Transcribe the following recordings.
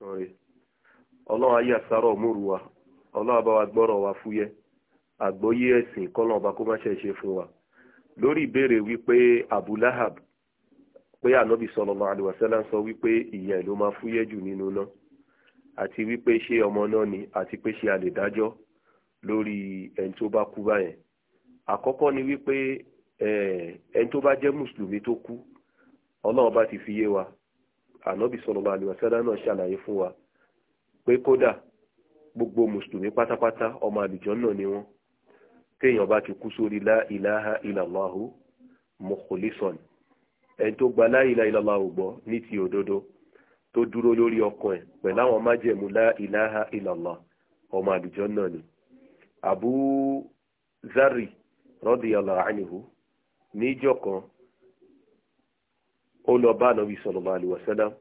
sorry ọlọ́run ayé àsárọ̀ múru wa ọlọ́run bá wa gbọ́rọ̀ wa fúyẹ́ àgbọ́yé ẹ̀sìn kọ́lọ́run ọba kó ṣe fún wa lórí ìbéèrè wípé Abu Lahab pé ànábì sallallahu sọ wípé ìyà ẹ̀ ló máa fúyẹ́ jù nínú náà àti wípé ṣé ọmọ náà ni àti pé ṣe àlè lórí ẹni tó bá kú báyẹn àkọ́kọ́ ni wípé ànábì sallallahu alaihi wasallam náà ṣàlàyé fún wa pé kódà gbogbo mùsùlùmí pátápátá ọmọ àlùjọ náà ni wọ́n téèyàn bá ti kú sórí la ilaha illallahu ẹni tó gba la ọgbọ n'iti gbọ́ ní ti òdodo tó dúró lórí ọkàn ẹ̀ pẹ̀lú àwọn májẹ̀mú ilaha ọmọ àlùjọ náà ni Abu Zari kan ó lọ bá ànábì sallallahu alaihi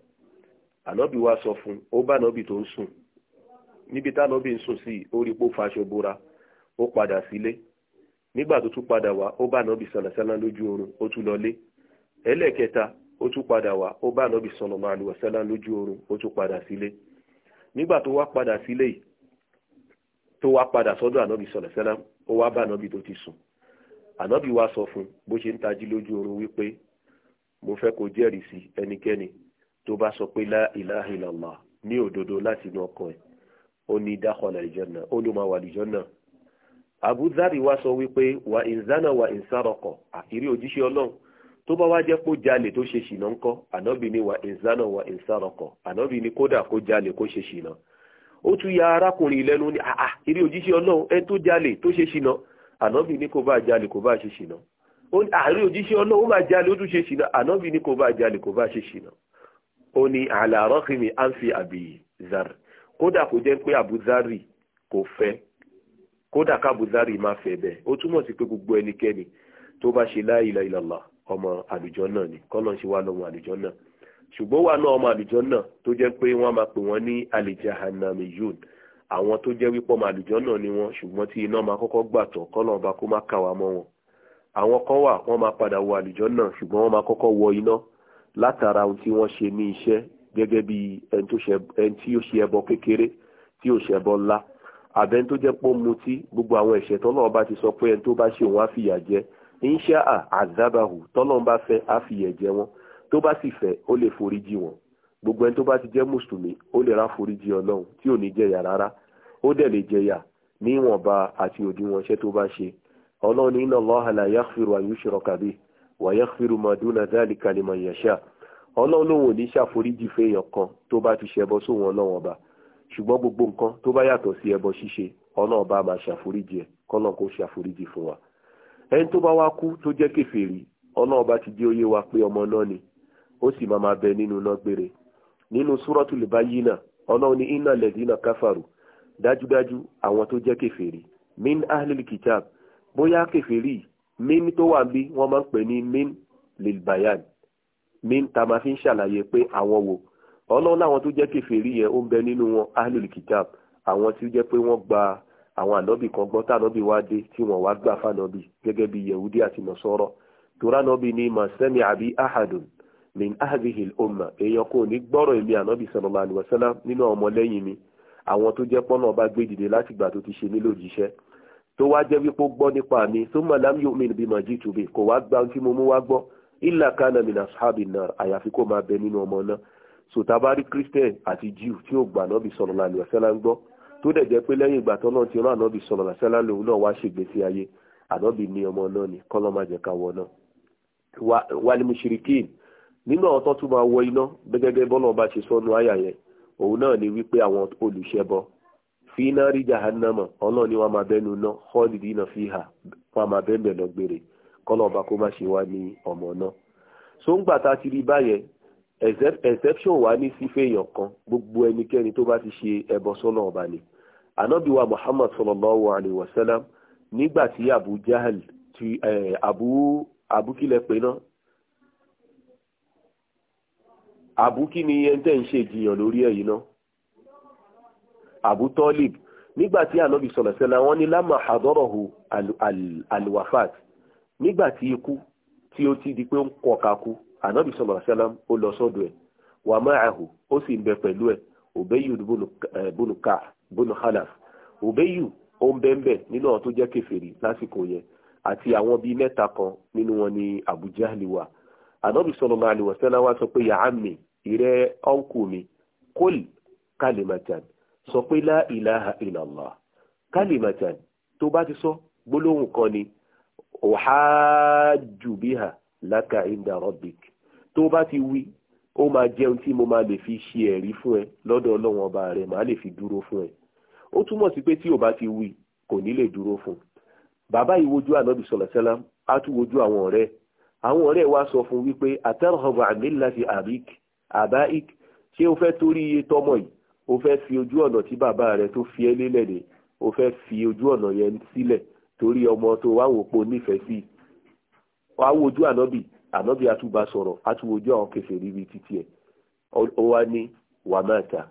anọbi wa sọ fún ó bá ànábì tó ń sùn níbi tá ànábì ń sùn sí ó rí pó faṣọ bora ó padà sílé nígbà tó tún padà wá ó bá ànábì sọlọsẹlẹ alaihi lójú oorun ó tún lọlé lé ó tún padà wá ó bá ànábì sallallahu alaihi wasallam lójú oorun ó tún padà sílé nígbà tó wá padà sílé yìí tó wá padà sọdọ anọbi sọlọsẹlẹ ó wá bá ànábì tó ti sùn ànábì wa sọ fún bó ṣe ń tají lójú oorun wípé mo fẹ́ kó jẹ́rìí sí ẹnikẹ́ni tó bá sọ pé la ilaha illallah ní òdodo láti inú ọkàn ẹ̀ ó ní dakhala aljanna ó ló máa wà aljanna. Abu Dhari wá sọ wípé wà ìzánà wà ìsárọkọ̀ àkírí òjíṣẹ́ ọlọ́run tó bá wá jẹ́ kó jalè tó ṣe ṣìnà ńkọ́ ànábì ni wà ìzánà wà ìsárọkọ̀ ànábì ni kódà kó jalè kó ṣe ṣìnà ó tún ya arákùnrin lẹ́nu ní àà ìrí òjíṣẹ́ ọlọ́run ẹni tó jalè tó ṣe ṣìnà ànábì ni kò bá jalè kò bá ṣe ṣìnà àárín òjíṣẹ́ ọlọ́run ó máa jalè ó tún ṣe ṣìnà ànábì ni kò bá jalè kò bá ṣe ṣìnà ó ní àlàárọ̀ kìíní à ń fi àbí zari kódà kò jẹ́ pé àbúzárì kò fẹ́ kódà kábúzárì má fẹ́ bẹ́ẹ̀ ó túmọ̀ sí pé gbogbo ẹnikẹ́ni tó bá ṣe la ilaha illallah ọmọ àlùjọ náà ni kọ́lọ́n ṣe wá lọ́mọ àlùjọ náà ṣùgbọ́n wà náà ọmọ àlùjọ náà tó jẹ́ pé wọ́n máa pè wọ́n ní alìjahanamiyun àwọn tó jẹ́ wípé ọmọ àlùjọ náà ni wọ́n ṣùgbọ́n tí iná máa kọ́kọ́ gbàtọ̀ kọ́lọ́n ọba kó má kà mọ́ wọn àwọn kan wà wọ́n máa padà wọ àlùjànnà ṣùgbọ́n wọ́n máa kọ́kọ́ wọ iná látara ohun tí wọ́n ṣe ní iṣẹ́ gẹ́gẹ́ bí ẹni tí ó ṣe ẹbọ kékeré tí ó ṣe ẹbọ ńlá àbẹ́ni tó jẹ́ pọ́ mutí gbogbo àwọn ẹ̀ṣẹ̀ tọ́lọ́run bá ti sọ pé ẹni tó bá ṣe òun á fìyà jẹ insha azabahu tọ́lọ́run bá fẹ́ á fìyà jẹ wọn tó bá sì fẹ́ ó lè foríjì wọn gbogbo ẹni tó bá ti jẹ́ mùsùlùmí ó lè rá foríjì ọlọ́run tí ò ní jẹ̀yà rárá ó dẹ̀ lè jẹ̀yà níwọ̀nba àti òdiwọ̀n iṣẹ́ tó bá ṣe ọlọ́run ní inna Allaha la yaghfiru an yushraka bihi wa yaghfiru ma duna dhalika liman yasha ọlọ́run lòun ní ṣàforíjì kan tó bá ti ṣẹbọ sóhun ọlọ́run ọba ṣùgbọ́n gbogbo nǹkan tó bá yàtọ̀ sí ẹbọ ṣíṣe ọlọ́run bá máa ṣàforíjì ẹ̀ kó ṣàforíjì fún wa ẹni tó bá wa pé ọmọ náà ni ó sì máa máa bẹ nínú náà Suratul ọlọ́run ní kafaru dájúdájú àwọn tó jẹ́ min bóyá kèfèrí min tó wà bí wọ́n máa ń pè ní min lilbayan min ta ma fi ń ṣàlàyé pé àwọn wo ọlọ́run láwọn tó jẹ́ kèfèrí yẹn ó ń bẹ nínú wọn ahlul kitab àwọn tí ó jẹ́ pé wọ́n gba àwọn ànábì kan gbọ́ tànábì wá dé tí wọ́n wá gbà fànábì gẹ́gẹ́ bí yehudi àti nọ̀sọ́rọ̀ toránọ́bì ni masemi àbí ahadun min ahadihi umma èèyàn kò ní gbọ́rọ̀ èmi ànábì sallallahu alaihi nínú ọmọlẹ́yìn mi àwọn tó jẹ́ pọ́nà ọba gbé dìde láti gbà tó ti ṣe mí lójíṣẹ́ tó wá jẹ́ wípé ó gbọ́ nípa mi summa lam yu'min bima jitu bi kò wá gba tí mo mú wá gbọ́ illa kana min ashabin nar àyàfi kó máa bẹ nínú ọmọ náà sotabari christian àti jew tí ó gbà náà bí sallallahu alaihi wasallam ń gbọ́ tó dẹ̀ jẹ́ pé lẹ́yìn ìgbà tọ́lọ́ ti rán ànábì sallallahu alaihi lòun náà wá ṣègbésí ayé ànábì ní ọmọ náà ni kọ́lọ́ má jẹ́ ká wọ náà wal mushrikin nínú àwọn tó tún máa wọ iná gẹ́gẹ́ bọ́lọ̀ bá ṣe sọ́nu àyà yẹn òun náà ni wípé àwọn olùṣẹbọ fi iná rí jahannama ọlọ́run ni wọ́n máa bẹ́nu ná khalidina fiha wọ́n máa bẹ́ẹ̀ bẹ̀ lọ́gbèrè kọ́lọ̀ ọba kó má ṣe wá ní ọmọ náà so ń gbà tá a ti rí báyẹn exception wà ní sífẹ́ èèyàn kan gbogbo ẹnikẹ́ni tó bá ti ṣe ẹbọ sọ́nà ọba ni ànábì wa muhammad sallallahu alayhi wa sallam nígbà tí abu jahal ti abu abukilẹ̀ pé náà abu kí ni ẹni tẹ́ ń ṣe ìjiyàn lórí ẹ̀yìn náà abu talib nígbà tí anabi sọ̀rọ̀ sẹ́la wọn ní lámà àdọ́rọ̀hù alwafat nígbà tí ikú tí ó ti di pé ń kọ̀ ká kú anabi sọ̀rọ̀ sẹ́la ó lọ sọ́dọ̀ ẹ̀ wà máàhù ó sì ń bẹ pẹ̀lú ẹ̀ òbẹ́yù bùnùkà bùnùkàlàf òbẹ́yù ó ń bẹ́ńbẹ́ nínú àwọn tó jẹ́ kèfèrí lásìkò yẹn àti àwọn bíi mẹ́ta kan nínú wọn ní abu jahli wà anabi sọ̀rọ̀ sọ pé yàá mi ìrẹ́ ọ̀nkù mi kólì kálímàtàn sọ pé la ilaha illallah kalimatan tó bá ti sọ gbólóhùn kan ni uhajju biha laka inda rabbik tó bá ti wí ó máa jẹun tí mo máa lè fi ṣe ẹ̀rí fún ẹ lọ́dọ̀ ọlọ́run ọba rẹ màá lè fi dúró fún ẹ ó túmọ̀ sí pé tí ò bá ti wí kò ní lè dúró fún bàbá ìwojú ànábì sọlọsẹlá á tún wojú àwọn ọ̀rẹ́ àwọn ọ̀rẹ́ wa sọ fún wípé atarhaba amilati abik abaik ṣé o fẹ́ torí iye tọmọ yìí o fẹ́ fi ojú ọ̀nà tí bàbá rẹ tó fi ẹ́ lélẹ̀ ni o fẹ́ fi ojú ọ̀nà yẹn sílẹ̀ torí ọmọ tó wá wò pọ̀ nífẹ̀ẹ́ sí i wàá wojú ànábì ànábì àtúbà sọ̀rọ̀ àtúwojú àwọn kẹfẹ́ ríbi títí ẹ̀ ó wá ní wàmáàtà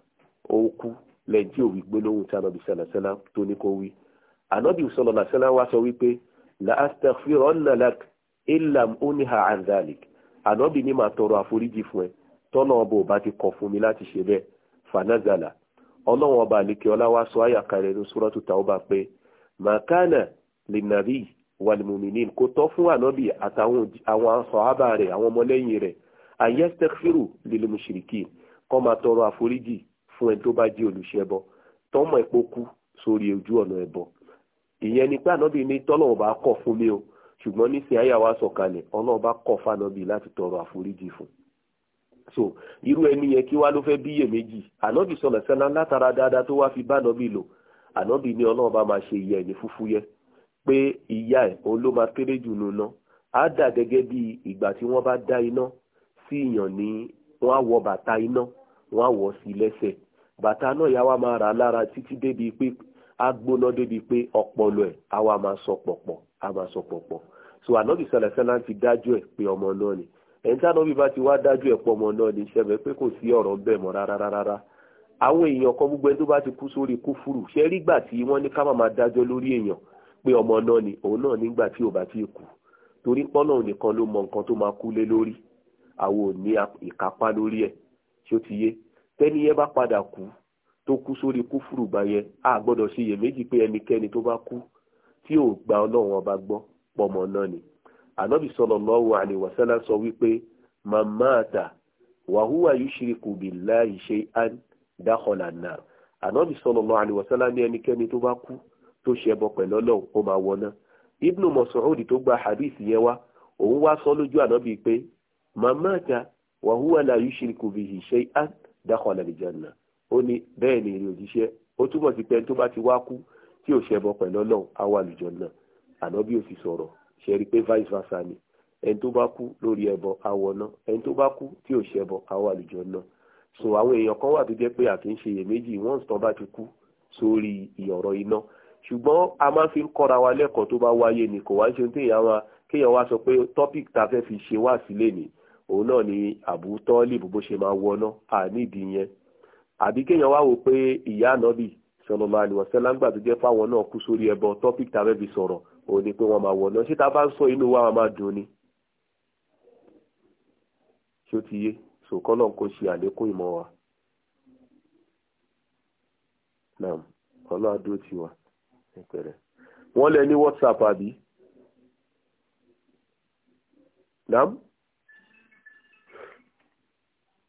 ó kú lẹ́yìn tí òwì gbólóhùn tí ànábì sàlàsàlà tó ní kó wí ànábì sọ̀rọ̀ làsàlà wá sọ wípé la astaghfiranna lak illam uniha an dhalik ànábì ní màá tọrọ àforíjì fún ẹ tọ́nà ọba fanazala ọlọ́run ọba àlekè ọlá wa sọ àyà kalẹ̀ ní suratu tauba pé màkánà lìnàbí wàlmùmínín kò tọ́ fún ànábì àtàwọn àwọn sọ̀hábà rẹ̀ àwọn ọmọlẹ́yìn rẹ̀ ayẹ́sítẹ́kfìrù lílùmùsìrìkì kọ́ máa tọrọ àforíjì fún ẹni tó bá jẹ́ olùṣẹbọ tọ́mọ epo kú sórí ojú ọ̀nà ẹbọ ìyẹn ni pé ànábì ní tọ́lọ́run bá kọ̀ fún mi o ṣùgbọ́n níṣẹ́ so irú ẹni yẹn kí wá ló fẹ́ bíyè méjì ànábì sọlọ sẹlá látara dáadáa tó wá fi bá ànábì lò ànábì ní ọlọ́run bá máa ṣe ìyà ẹni fúfú yẹ pé ìyá ẹ̀ òun ló máa kéré jù nù náà á dà gẹ́gẹ́ bí ìgbà tí wọ́n bá dá iná sí ìyàn ní wọ́n á wọ bàtà iná wọ́n á wọ̀ sí lẹ́sẹ̀ bàtà náà yà wá máa rà lára títí débi pé á gbóná débi pé ọpọlọ ẹ̀ á wá máa sọ pọ̀pọ̀ á máa sọ pọ̀pọ̀ so ànábì sọlọ sẹlá ti dájú ẹ̀ pé ọmọ náà ni ẹ̀ńtà náà bí bá ti wá dájú ẹ̀ pọ̀ mọ́ náà ní sẹ́mẹ̀ pé kò sí ọ̀rọ̀ bẹ́ẹ̀ mọ́ rárá rárá àwọn èèyàn kan gbogbo ẹni tó bá ti kú sórí kúfúrú ṣe rí gbà tí wọ́n ní ká máa dájọ́ lórí èèyàn pé ọmọ náà ni òun náà nígbà tí ò bá ti kú torí pọ́nà nìkan ló mọ nǹkan tó máa kú lé lórí àwọn ò ní ìkápá lórí ẹ̀ ṣó ti yé tẹ́ni yẹn bá padà kú tó kú sórí kúfúrú bá yẹn a gbọ́dọ̀ ṣiyèméjì pé ẹnikẹ́ni tó bá kú tí ò gba ọlọ́run ọba gbọ́ pọ́mọ náà ni ànábì sallallahu alaihi wasallam sọ wípé mamata wàhúwà yushriku billahi shay'an dakhala an-nar ànábì sallallahu alaihi wasallam ní ẹnikẹ́ni tó bá kú tó ṣẹbọ pẹ̀lú Ọlọ́run ó máa wọná ibnu Mas'ud tó gba hadith yẹn wá òun wá sọ lójú ànábì pé mamata wàhúwà la yushriku bihi shay'an dakhala al-janna ó ní bẹ́ẹ̀ ni èrè òjíṣẹ́ ṣe rí i pé vice versa ni ẹni tó bá kú lórí ẹbọ àwọ̀ náà ẹni tó bá kú tí ò ṣẹbọ àwọ̀ àlùjọ náà so àwọn èèyàn kan wà tó jẹ́ pé àti ń ṣe iyèméjì once tán bá ti kú sórí ìyọ̀rọ̀ iná ṣùgbọ́n a máa fi ń kọ́ra wa lẹ́kọ̀ọ́ tó bá wáyé ni kò wá ṣe ń téèyàn wa kéèyàn wá sọ pé topic ta fẹ́ fi ṣe wá sílé ni òun náà ni àbú tọ́lìbù bó ṣe máa wọná àníìdí yẹn àbí kéèyàn wá wò pé ìyá ànábì sọlọ́mọ àlùwọ̀sẹ́lá ń tó jẹ́ fáwọn náà kú sórí ẹbọ topic ta fẹ́ fi sọ̀rọ̀ òun ni pé wọ́n máa wọ̀nà ṣé tá bá ń sọ inú wa wọn máa dùn ni ṣé ó ti yé sòkọ́ náà kò ṣe àlékún ìmọ̀ wa naam ọlọ́ ti wà nípẹ̀rẹ̀ wọ́n lẹ ní whatsapp àbí naam.